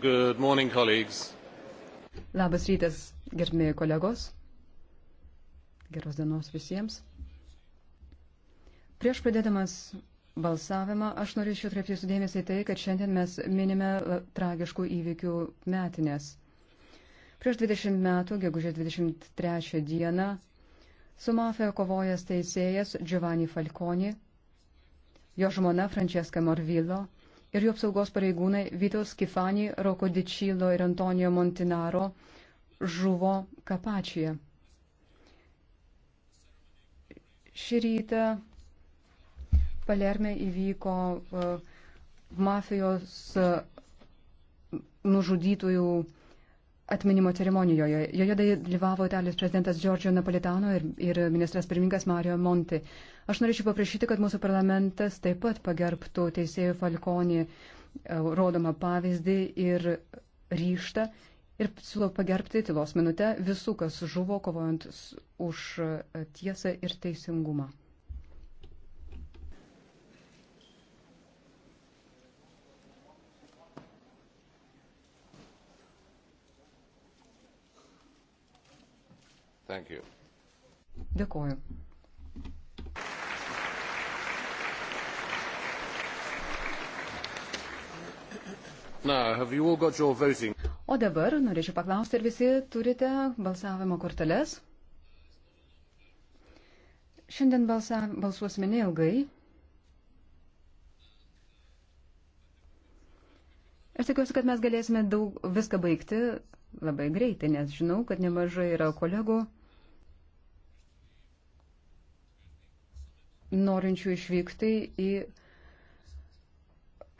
Good morning, colleagues. Labas rytas, gerbėjai kolegos. Geros dienos visiems. Prieš pradėdamas balsavimą, aš norėčiau atkreipti sudėmėsi į tai, kad šiandien mes minime tragiškų įvykių metinės. Prieš 20 metų, gegužės 23 dieną, su mafija kovojęs teisėjas Giovanni Falconi jo žmona Francesca Morvillo ir jų apsaugos pareigūnai Vitos Kifani, Roko Dičilo ir Antonijo Montinaro žuvo kapačyje. Šį rytą Palerme įvyko uh, mafijos uh, nužudytųjų atminimo ceremonijoje. Joje dalyvavo Italijos prezidentas Giorgio Napolitano ir, ir ministras pirmininkas Mario Monti. Aš norėčiau paprašyti, kad mūsų parlamentas taip pat pagerbtų teisėjų Falkonį e, rodomą pavyzdį ir ryštą ir siūlau pagerbti tylos minutę visų, kas žuvo kovojant už e, tiesą ir teisingumą. Dėkuoju. O dabar norėčiau paklausti, ar visi turite balsavimo korteles? Šiandien balsa, balsuosime neilgai. Aš tikiuosi, kad mes galėsime daug, viską baigti labai greitai, nes žinau, kad nemažai yra kolegų norinčių išvykti į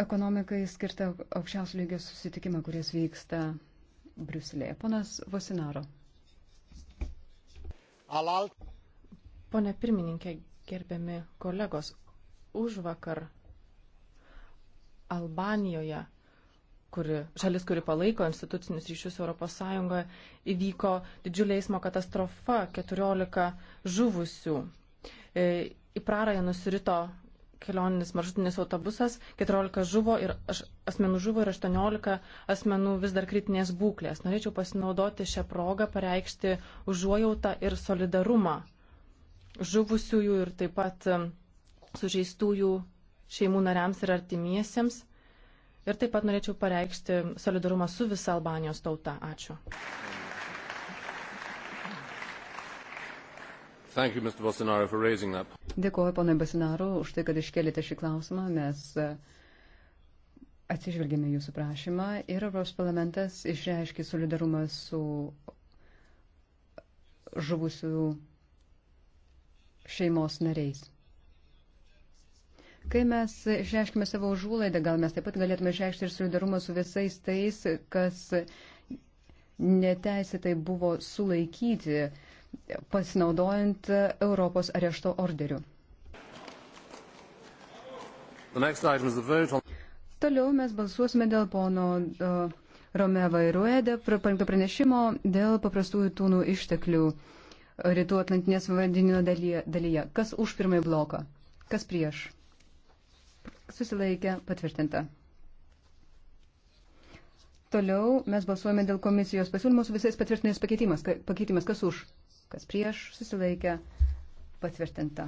ekonomikai skirtą aukščiausio lygio susitikimą, kuris vyksta Briuselėje. Ponas Vosinaro. Pone pirmininkė, gerbiami kolegos, už vakar Albanijoje, kuri, šalis, kuri palaiko institucinius ryšius ES, įvyko didžiulė eismo katastrofa, 14 žuvusių. E, į prarąją nusirito kelioninis maršrutinis autobusas, 14 žuvo ir aš, asmenų žuvo ir 18 asmenų vis dar kritinės būklės. Norėčiau pasinaudoti šią progą pareikšti užuojautą ir solidarumą žuvusiųjų ir taip pat sužeistųjų šeimų nariams ir artimiesiems. Ir taip pat norėčiau pareikšti solidarumą su visa Albanijos tauta. Ačiū. Thank you, Mr. Bolsonaro, for raising that. Dėkuoju, ponai Basinaru, už tai, kad iškelite šį klausimą. Mes e, atsižvelgėme jūsų prašymą ir Europos parlamentas išreiškė solidarumą su žuvusių šeimos nariais. Kai mes išreiškime savo užuolaidą, gal mes taip pat galėtume išreikšti ir solidarumą su visais tais, kas neteisėtai buvo sulaikyti uh, pasinaudojant Europos arešto orderiu. Toliau mes balsuosime dėl pono uh, Romeva ir Rueda parengto pranešimo dėl paprastųjų tūnų išteklių e, rytų Atlantinės vandenino dalyje, dalyje. Kas už pirmąjį bloką? Kas prieš? Susilaikė patvirtinta. Toliau mes balsuojame dėl komisijos pasiūlymų su visais patvirtinės pakeitimas. Pakeitimas kas už? kas prieš, susilaikė, patvirtinta.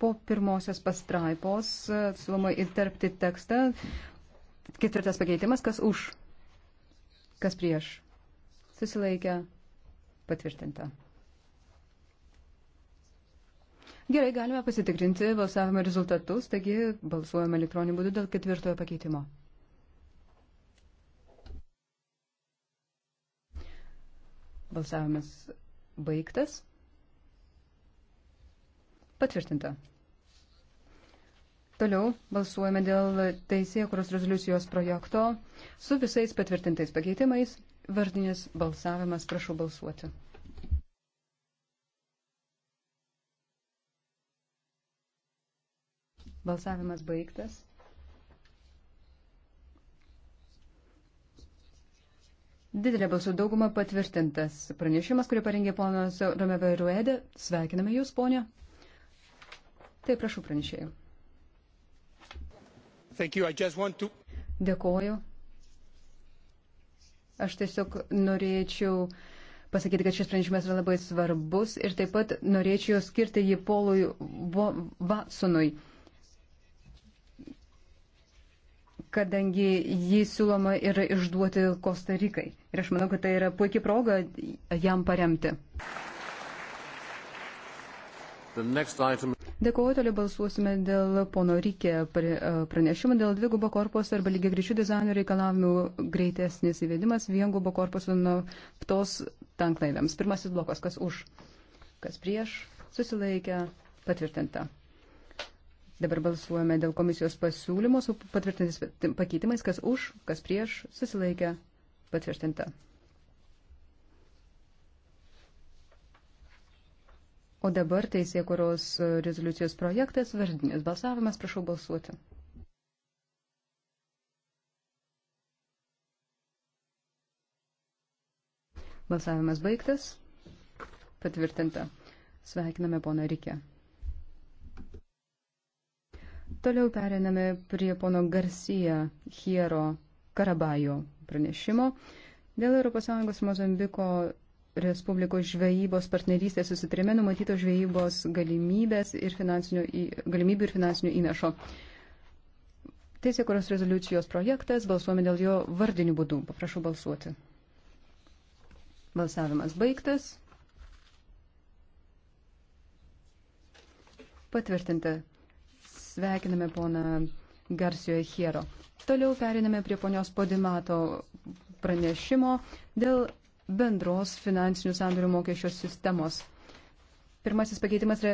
Po pirmosios pastraipos siūloma įterpti tekstą. Ketvirtas pakeitimas, kas už, kas prieš, susilaikė, patvirtinta. Gerai, galime pasitikrinti balsavimo rezultatus, taigi balsuojame elektroniniu būdu dėl ketvirtojo pakeitimo. Balsavimas baigtas. Patvirtinta. Toliau balsuojame dėl teisėjų, kurios rezoliucijos projekto su visais patvirtintais pakeitimais. Vardinis balsavimas, prašau balsuoti. Balsavimas baigtas. Didelė balsų dauguma patvirtintas pranešimas, kurį parengė ponas Romeva Ruedė. Sveikiname Jūs, ponė. Tai prašau pranešėjų. To... Dėkoju. Aš tiesiog norėčiau pasakyti, kad šis pranešimas yra labai svarbus ir taip pat norėčiau skirti jį Polui Vatsonui. Va kadangi jį siūloma ir išduoti Kostarikai. Ir aš manau, kad tai yra puikia proga jam paremti. Item... Dėkuoju, toliau balsuosime dėl pono Rykė e, pranešimo dėl dvigubo korpuso arba lygiai greičių dizaino reikalavimų greitesnis įvedimas viengubo korpuso naftos tanklaiviams. Pirmasis blokas, kas už, kas prieš, susilaikę, patvirtinta. Dabar balsuojame dėl komisijos pasiūlymo su patvirtintis pakeitimais, kas už, kas prieš, susilaikė patvirtinta. O dabar teisėkuros rezoliucijos projektas, vardinis balsavimas, prašau balsuoti. Balsavimas baigtas. Patvirtinta. Sveikiname poną Rikę. Toliau periname prie pono Garcia Hiero Karabajo pranešimo dėl ES Mozambiko Respublikos žvejybos partnerystės susitrime numatytos žvejybos galimybės ir finansinių, galimybių ir finansinių įnašo. Teisėkuros rezoliucijos projektas, balsuome dėl jo vardinių būdų. Paprašau balsuoti. Balsavimas baigtas. Patvirtinta. Sveikiname poną Garsioje Hiero. Toliau periname prie ponios Podimato pranešimo dėl bendros finansinių sandorių mokesčio sistemos. Pirmasis pakeitimas yra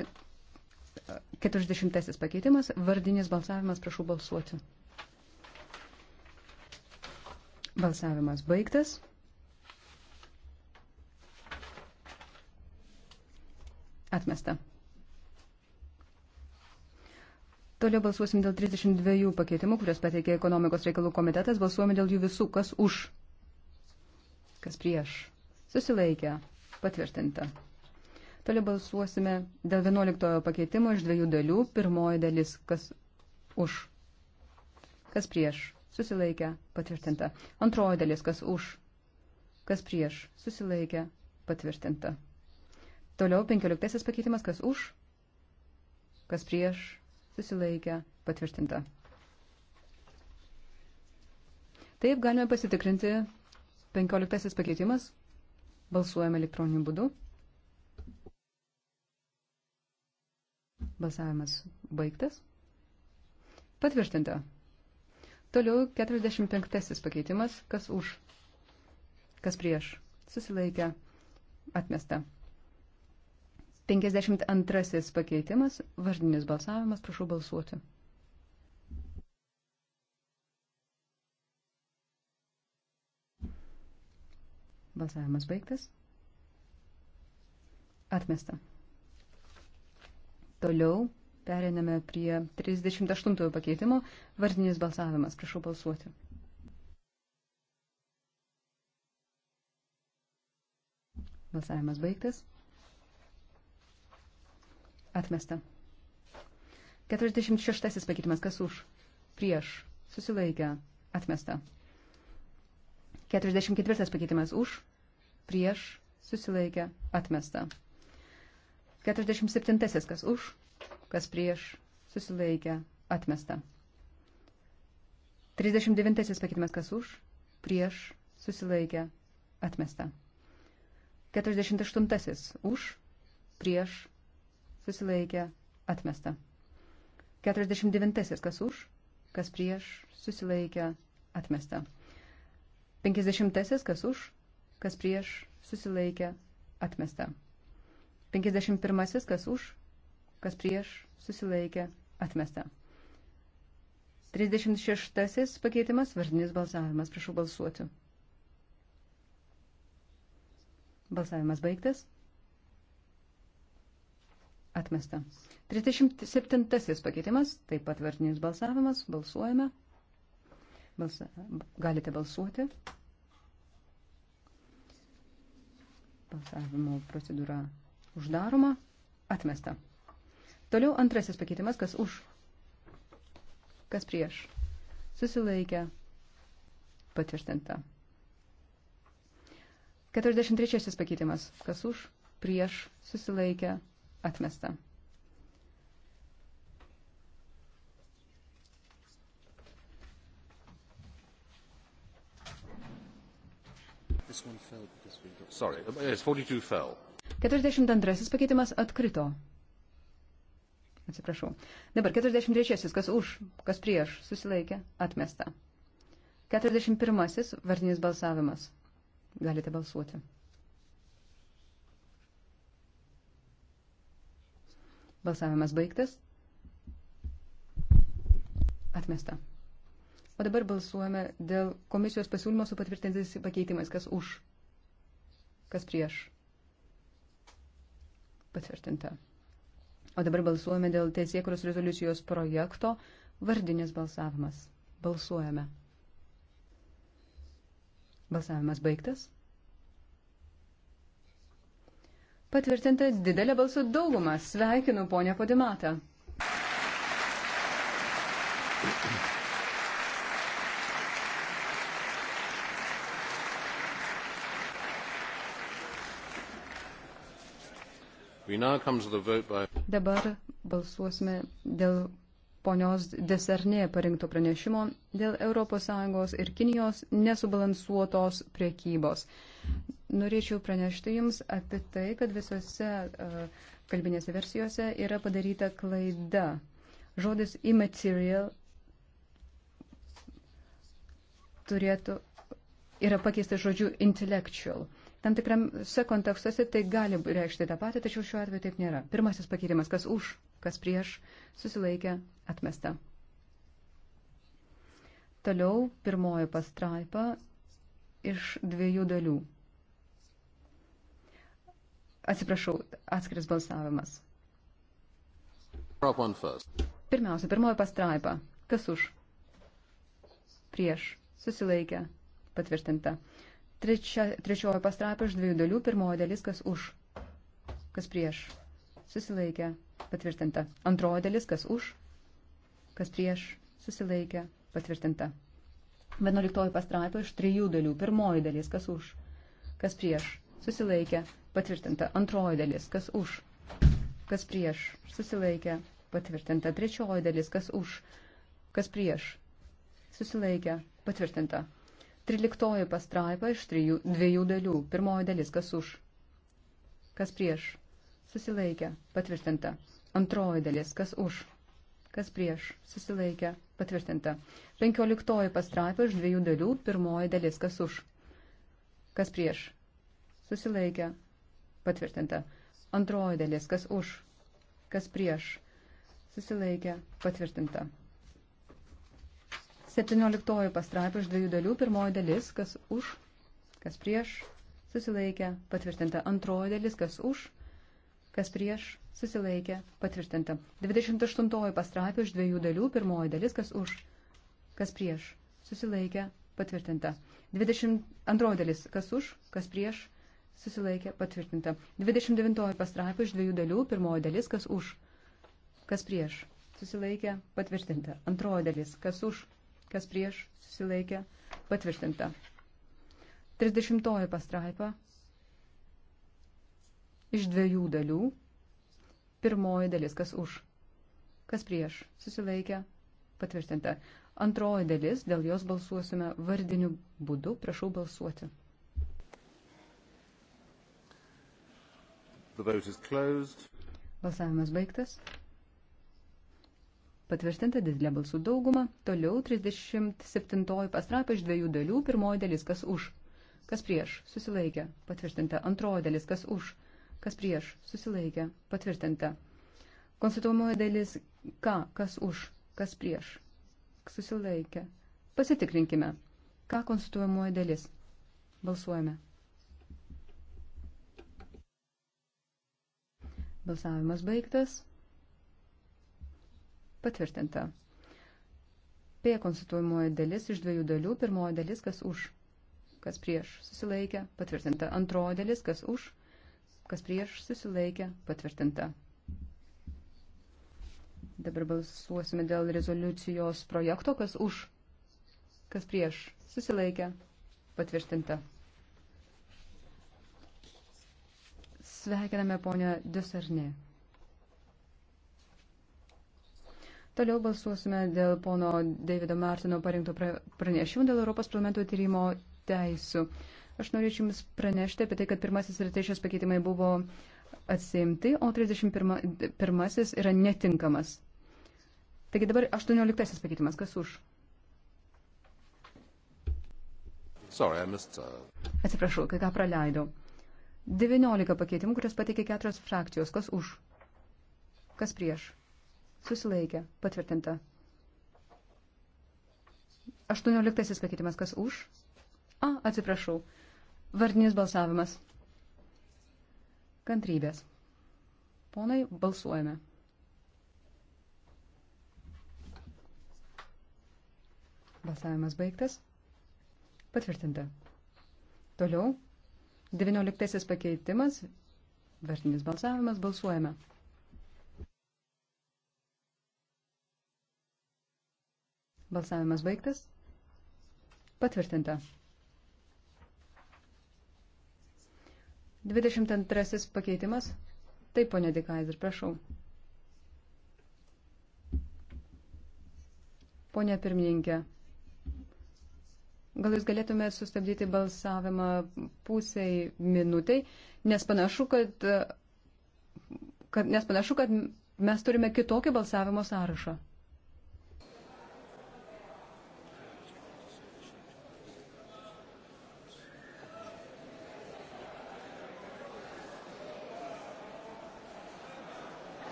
40 e, pakeitimas, vardinis balsavimas, prašau balsuoti. Balsavimas baigtas. Atmesta. Toliau balsuosim dėl 32 pakeitimų, kurias pateikė ekonomikos reikalų komitetas. Balsuojame dėl jų visų, kas už, kas prieš. Susilaikę. Patvirtinta. Toliau balsuosime dėl 11 pakeitimo iš dviejų dalių. Pirmoji dalis, kas už, kas prieš. Susilaikę. Patvirtinta. Antroji dalis, kas už, kas prieš. Susilaikę. Patvirtinta. Toliau 15 pakeitimas, kas už, kas prieš susilaikė, patvirtinta. Taip galime pasitikrinti 15 pakeitimas. Balsuojame elektroniniu būdu. Balsavimas baigtas. Patvirtinta. Toliau 45 pakeitimas. Kas už? Kas prieš? Susilaikę. Atmesta. 52 pakeitimas, vardinis balsavimas, prašau balsuoti. Balsavimas baigtas. Atmesta. Toliau periname prie 38 pakeitimo, vardinis balsavimas, prašau balsuoti. Balsavimas baigtas. Atmesta. 46 pakeitimas. Kas už? Prieš. Susilaikę. Atmesta. 44 pakeitimas. Už. Prieš. Susilaikę. Atmesta. 47 kas už. Kas prieš. Susilaikę. Atmesta. 39 pakeitimas. Kas už. Prieš. Susilaikę. Atmesta. 48 už. Prieš susilaikė, atmesta. 49. Kas už, kas prieš, susilaikė, atmesta. 50. Kas už, kas prieš, susilaikė, atmesta. 51. Kas už, kas prieš, susilaikė, atmesta. 36. Pakeitimas, vardinis balsavimas. Prašau balsuoti. Balsavimas baigtas. Atmesta. 37 pakeitimas, taip pat vardinis balsavimas, balsuojame. Balsa, galite balsuoti. Balsavimo procedūra uždaroma. Atmesta. Toliau antrasis pakeitimas, kas už, kas prieš. Susilaikę. Patvirtinta. 43 pakeitimas, kas už, prieš, susilaikę, atmesta. Sorry, yes, 42 fell. 42 pakeitimas atkrito. Atsiprašau. Dabar 43. Kas už, kas prieš, susilaikė, atmesta. 41. Vardinis balsavimas. Galite balsuoti. Balsavimas baigtas. Atmesta. O dabar balsuojame dėl komisijos pasiūlymo su patvirtintais pakeitimais. Kas už? Kas prieš? Patvirtinta. O dabar balsuojame dėl teisėkuros rezoliucijos projekto vardinis balsavimas. Balsuojame. Balsavimas baigtas. patvirtinta didelė balsų dauguma. Sveikinu, ponia Podimata. Dabar balsuosime dėl ponios Desarnė parinkto pranešimo dėl ES ir Kinijos nesubalansuotos priekybos. Norėčiau pranešti Jums apie tai, kad visose e, kalbinėse versijose yra padaryta klaida. Žodis immaterial turėtų, yra pakeistas žodžiu intellectual. Tam tikramse kontekstuose tai gali reikšti tą patį, tačiau šiuo atveju taip nėra. Pirmasis pakeitimas, kas už, kas prieš, susilaikė, atmesta. Toliau pirmoji pastraipa iš dviejų dalių. Atsiprašau, atskiras balsavimas. Pirmiausia, pirmoji pastraipa. Kas už? Prieš. Susilaikę. Patvirtinta. Trečia, trečioji pastraipa iš dviejų dalių. Pirmoji dalis, kas už? Kas prieš? Susilaikę. Patvirtinta. Antroji dalis, kas už? Kas prieš? Susilaikę. Patvirtinta. Vienuoliktoji pastraipa iš trijų dalių. Pirmoji dalis, kas už? Kas prieš? susilaikė, patvirtinta. Antroji dalis, kas už, kas prieš, susilaikė, patvirtinta. Trečioji dalis, kas už, kas prieš, susilaikė, patvirtinta. Triliktoji pastraipa iš trijų, dviejų dalių. Pirmoji dalis, kas už, kas prieš, susilaikė, patvirtinta. Antroji dalis, kas už, kas prieš, susilaikė, patvirtinta. Penkioliktoji pastraipa iš dviejų dalių, pirmoji dalis, kas už, kas prieš, susilaikė, patvirtinta. Antroji dalis, kas už, kas prieš, susilaikė, patvirtinta. 17 pastraipa iš dviejų dalių, pirmoji dalis, kas už, kas prieš, susilaikė, patvirtinta. Antroji dalis, kas už, kas prieš, susilaikė, patvirtinta. 28 pastraipė iš dviejų dalių, pirmoji dalis, kas už, kas prieš, susilaikė, patvirtinta. 22 dalis, kas už, kas prieš, susilaikė patvirtinta. 29 pastraipa iš dviejų dalių, pirmoji dalis, kas už, kas prieš, susilaikė patvirtinta. Antroji dalis, kas už, kas prieš, susilaikė patvirtinta. 30 pastraipa iš dviejų dalių, pirmoji dalis, kas už, kas prieš, susilaikė patvirtinta. Antroji dalis, dėl jos balsuosime vardiniu būdu, prašau balsuoti. Balsavimas baigtas. Patvirtinta didelė balsų dauguma. Toliau 37 pastrapa iš dviejų dalių. Pirmoji dalis kas už. Kas prieš. Susilaikė. Patvirtinta. Antroji dalis kas už. Kas prieš. Susilaikė. Patvirtinta. Konstituojamoji dalis ką. Kas už. Kas prieš. Susilaikė. Pasitikrinkime. Ką konstituojamoji dalis. Balsuojame. Balsavimas baigtas. Patvirtinta. P konstituojamoji dalis iš dviejų dalių. Pirmoji dalis, kas už, kas prieš susilaikė, patvirtinta. Antroji dalis, kas už, kas prieš susilaikė, patvirtinta. Dabar balsuosime dėl rezoliucijos projekto, kas už, kas prieš susilaikė, patvirtinta. Sveikiname ponę Dusarnį. Toliau balsuosime dėl pono Davido Martino parinkto pranešimų dėl Europos parlamento tyrimo teisų. Aš norėčiau Jums pranešti apie tai, kad pirmasis ir trečias pakeitimai buvo atsimti, o 31 yra netinkamas. Taigi dabar 18 pakeitimas. Kas už? Sorry, missed, uh... Atsiprašau, kai ką praleidau. 19 pakeitimų, kurios pateikė keturios frakcijos. Kas už? Kas prieš? Susilaikė. Patvirtinta. 18 pakeitimas. Kas už? A, atsiprašau. Vardinis balsavimas. Kantrybės. Ponai, balsuojame. Balsavimas baigtas. Patvirtinta. Toliau 19 pakeitimas, vertinis balsavimas, balsuojame. Balsavimas baigtas. Patvirtinta. 22 pakeitimas. Taip, ponė Dikaiser, prašau. Pone pirmininkė, Gal jūs galėtumėte sustabdyti balsavimą pusiai minutai, nes panašu, kad, kad, nes panašu, kad mes turime kitokį balsavimo sąrašą.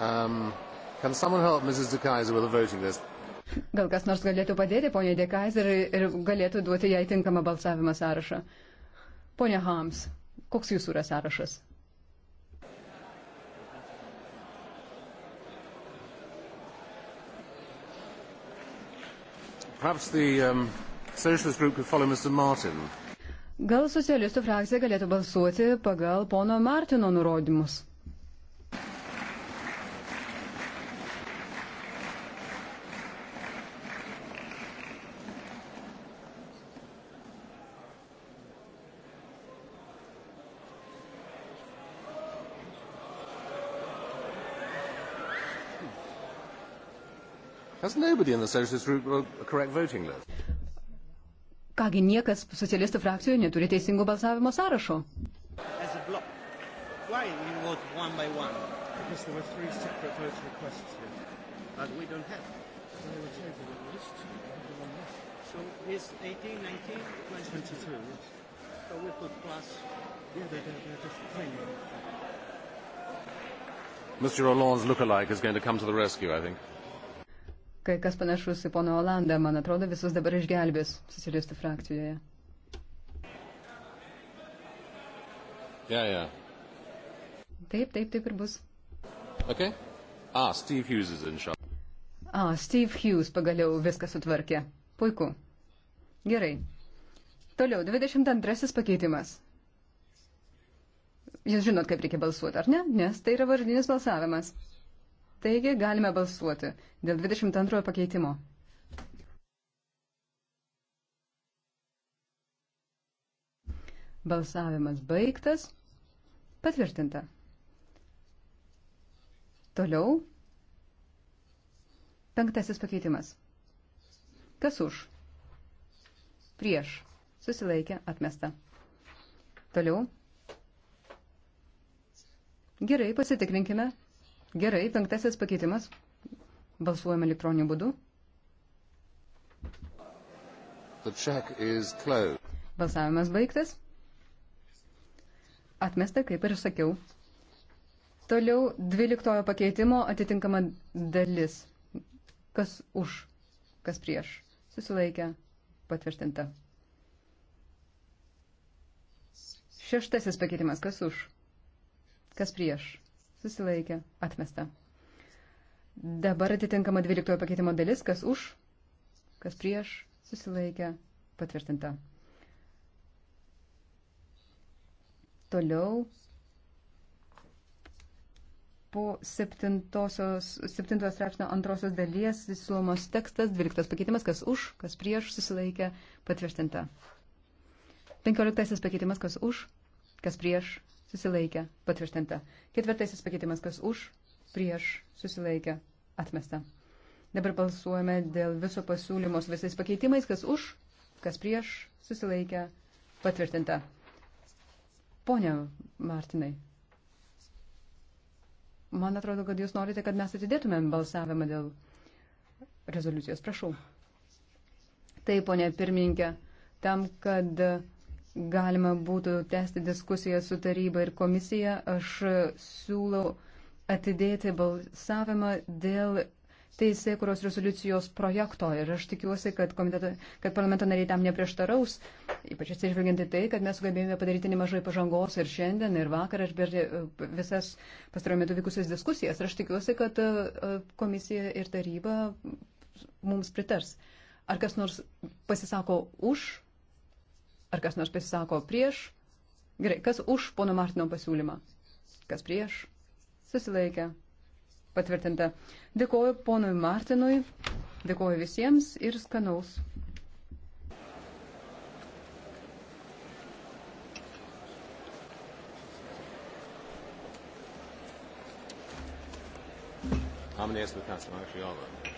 Um, can someone help Mrs. De Kaiser with a voting list? Gal kas nors galėtų padėti poniai Dekaiser ir galėtų duoti jai tinkamą balsavimą sąrašą. Pone Hams, koks jūsų yra sąrašas? The, um, Gal socialistų frakcija galėtų balsuoti pagal pono Martino nurodymus? Has nobody in the socialist group a correct voting list? Kągi niekas socialistų frakcijoje neturi teisingo balsavimo sąrašo. So is 18, 19, 22, yes. So we put plus. Yeah, they're, they're, they're just plain. Mr. Hollande's look-alike is going to come to the rescue, I think kai kas panašus į pono Olandą, man atrodo, visus dabar išgelbės socialistų frakcijoje. Ja, ja. Taip, taip, taip ir bus. Okay. Ah, Steve Hughes is in charge. Ah, Steve Hughes pagaliau viską sutvarkė. Puiku. Gerai. Toliau, 22 pakeitimas. Jūs žinot, kaip reikia balsuoti, ar ne? Nes tai yra vardinis balsavimas. Taigi galime balsuoti dėl 22 pakeitimo. Balsavimas baigtas. Patvirtinta. Toliau. Penktasis pakeitimas. Kas už? Prieš. Susilaikė atmesta. Toliau. Gerai, pasitikrinkime Gerai, penktasis pakeitimas. Balsuojame elektroniniu būdu. Balsavimas baigtas. Atmesta, kaip ir sakiau. Toliau dvyliktojo pakeitimo atitinkama dalis. Kas už, kas prieš. Susilaikę. Patvirtinta. Šeštasis pakeitimas. Kas už? Kas prieš? susilaikė, atmesta. Dabar atitinkama 12 pakeitimo dalis, kas už, kas prieš, susilaikė, patvirtinta. Toliau po septintojo straipsnio antrosios dalies siūlomos tekstas, dvyliktas pakeitimas, kas už, kas prieš, susilaikė, patvirtinta. Penkioliktasis pakeitimas, kas už, kas prieš, susilaikė, patvirtinta. Ketvirtasis pakeitimas, kas už, prieš, susilaikė, atmesta. Dabar balsuojame dėl viso pasiūlymo su visais pakeitimais, kas už, kas prieš, susilaikė, patvirtinta. Pone Martinai, man atrodo, kad jūs norite, kad mes atidėtumėm balsavimą dėl rezoliucijos. Prašau. Taip, ponė pirmininkė, tam, kad galima būtų tęsti diskusiją su taryba ir komisija, aš siūlau atidėti balsavimą dėl teisėkuros rezoliucijos projekto ir aš tikiuosi, kad, kad parlamento nariai tam neprieštaraus, ypač atsižvelgiant į tai, kad mes sugebėjome padaryti nemažai pažangos ir šiandien, ir vakar, ir per e, visas pastaruoju metu vykusias diskusijas. Ir aš tikiuosi, kad e, e, komisija ir taryba mums pritars. Ar kas nors pasisako už Ar kas nors pasisako prieš? Gerai, kas už pono Martino pasiūlymą? Kas prieš? Susilaikė. Patvirtinta. Dėkoju ponui Martinui, dėkoju visiems ir skanaus. How many is the customer actually are there?